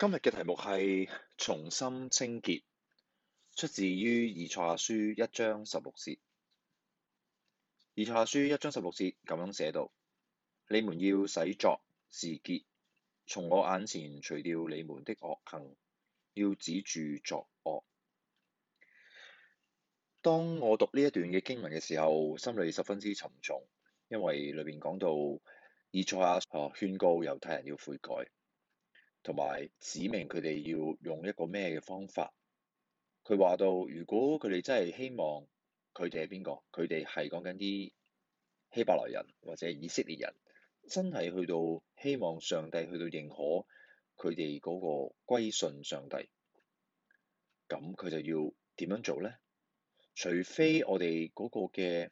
今日嘅題目係從心清潔，出自於《以賽亞書》一章十六節。《以賽亞書》一章十六節咁樣寫到：你們要洗濯自潔，從我眼前除掉你們的惡行，要止住作惡。當我讀呢一段嘅經文嘅時候，心裏十分之沉重，因為裏面講到以賽亞書勸告猶太人要悔改。同埋指明佢哋要用一個咩嘅方法？佢話到，如果佢哋真係希望佢哋係邊個，佢哋係講緊啲希伯來人或者以色列人，真係去到希望上帝去到認可佢哋嗰個歸順上帝，咁佢就要點樣做咧？除非我哋嗰個嘅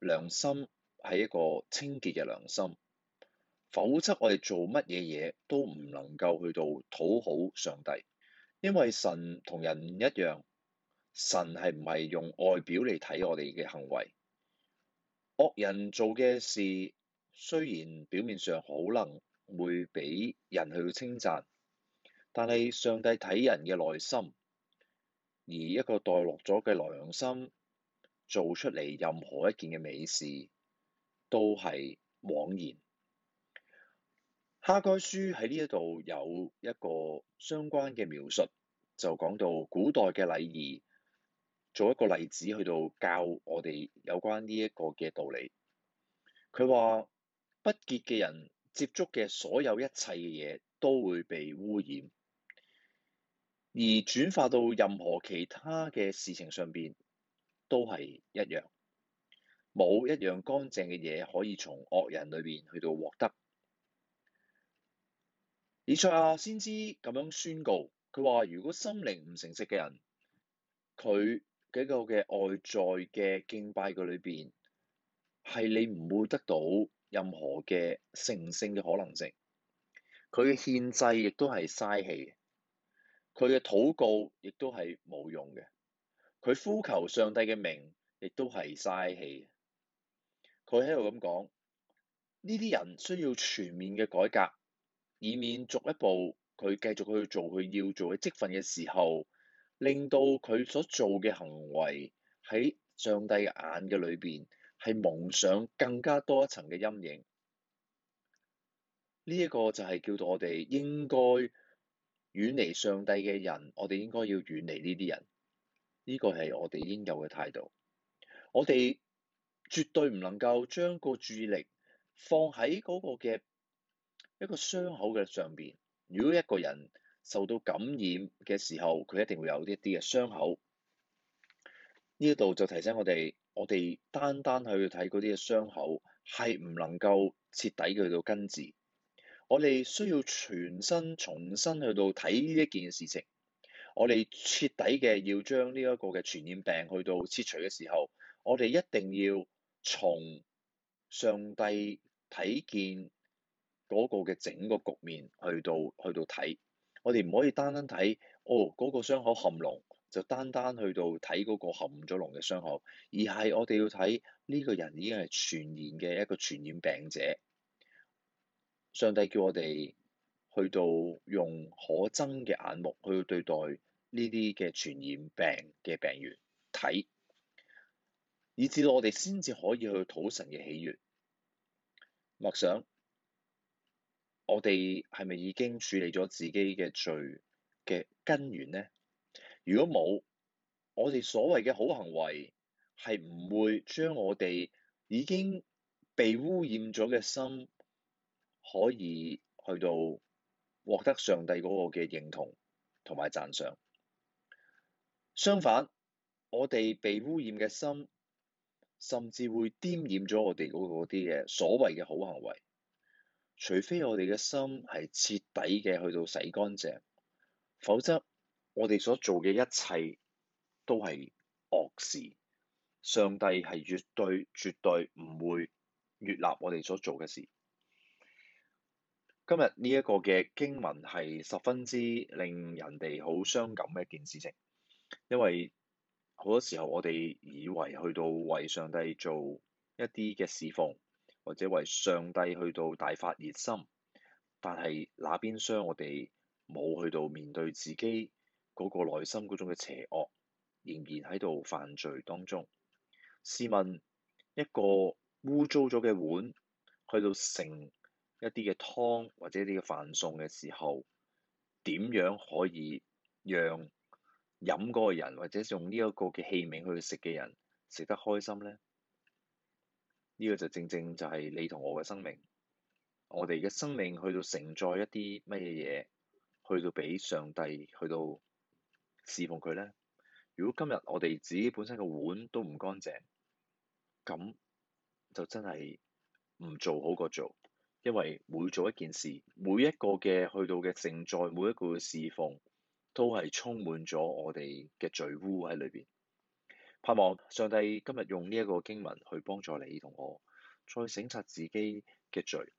良心係一個清潔嘅良心。否則，我哋做乜嘢嘢都唔能夠去到討好上帝，因為神同人唔一樣，神係唔係用外表嚟睇我哋嘅行為？惡人做嘅事，雖然表面上可能會俾人去稱讚，但係上帝睇人嘅內心，而一個墮落咗嘅良心做出嚟任何一件嘅美事，都係枉然。《哈該書》喺呢一度有一個相關嘅描述，就講到古代嘅禮儀，做一個例子去到教我哋有關呢一個嘅道理。佢話不潔嘅人接觸嘅所有一切嘅嘢都會被污染，而轉化到任何其他嘅事情上邊都係一樣，冇一樣乾淨嘅嘢可以從惡人裏邊去到獲得。以賽亞、啊、先知咁樣宣告，佢話：如果心靈唔誠實嘅人，佢幾個嘅外在嘅敬拜佢裏邊，係你唔會得到任何嘅成聖嘅可能性。佢嘅獻祭亦都係嘥氣，佢嘅禱告亦都係冇用嘅，佢呼求上帝嘅名亦都係嘥氣。佢喺度咁講，呢啲人需要全面嘅改革。以免逐一步佢繼續去做佢要做嘅職份嘅時候，令到佢所做嘅行為喺上帝眼嘅裏邊係蒙上更加多一層嘅陰影。呢、這、一個就係叫做我哋應該遠離上帝嘅人，我哋應該要遠離呢啲人。呢、這個係我哋應有嘅態度。我哋絕對唔能夠將個注意力放喺嗰個嘅。一個傷口嘅上邊，如果一個人受到感染嘅時候，佢一定會有呢一啲嘅傷口。呢一度就提醒我哋，我哋單單去睇嗰啲嘅傷口，係唔能夠徹底去到根治。我哋需要全身重新去到睇呢一件事情。我哋徹底嘅要將呢一個嘅傳染病去到切除嘅時候，我哋一定要從上帝睇見嗰個嘅整個局面去到去到睇，我哋唔可以單單睇哦嗰、嗰個傷口含膿，就單單去到睇嗰個含咗膿嘅傷口，而係我哋要睇呢、呢個人已經係傳染嘅一個傳染病者。上帝叫我哋去到用可憎嘅眼目去對待呢啲嘅傳染病嘅病源睇，以致我哋先至可以去討神嘅喜悅。默想。我哋係咪已經處理咗自己嘅罪嘅根源呢？如果冇，我哋所謂嘅好行為係唔會將我哋已經被污染咗嘅心可以去到獲得上帝嗰個嘅認同同埋讚賞。相反，我哋被污染嘅心，甚至會沾染咗我哋嗰嗰啲嘅所謂嘅好行為。除非我哋嘅心係徹底嘅去到洗乾淨，否則我哋所做嘅一切都係惡事。上帝係絕對、絕對唔會悅納我哋所做嘅事。今日呢一個嘅經文係十分之令人哋好傷感嘅一件事情，因為好多時候我哋以為去到為上帝做一啲嘅事奉。或者為上帝去到大發熱心，但係那邊廂我哋冇去到面對自己嗰個內心嗰種嘅邪惡，仍然喺度犯罪當中。試問一個污糟咗嘅碗，去到盛一啲嘅湯或者一啲嘅飯餸嘅時候，點樣可以讓飲嗰人或者用呢一個嘅器皿去食嘅人食得開心呢？呢個就正正就係你同我嘅生命，我哋嘅生命去到承載一啲乜嘢嘢，去到畀上帝去到侍奉佢咧。如果今日我哋自己本身個碗都唔乾淨，咁就真係唔做好過做，因為每做一件事，每一個嘅去到嘅承載，每一個嘅侍奉，都係充滿咗我哋嘅罪污喺裏邊。盼望上帝今日用呢一個經文去幫助你同我，再省察自己嘅罪。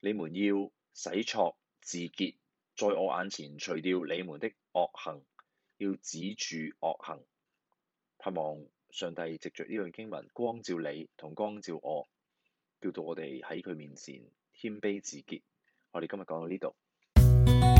你們要洗濯自潔，在我眼前除掉你們的惡行，要止住惡行。盼望上帝藉着呢樣經文光照你同光照我，叫到我哋喺佢面前謙卑自潔。我哋今日講到呢度。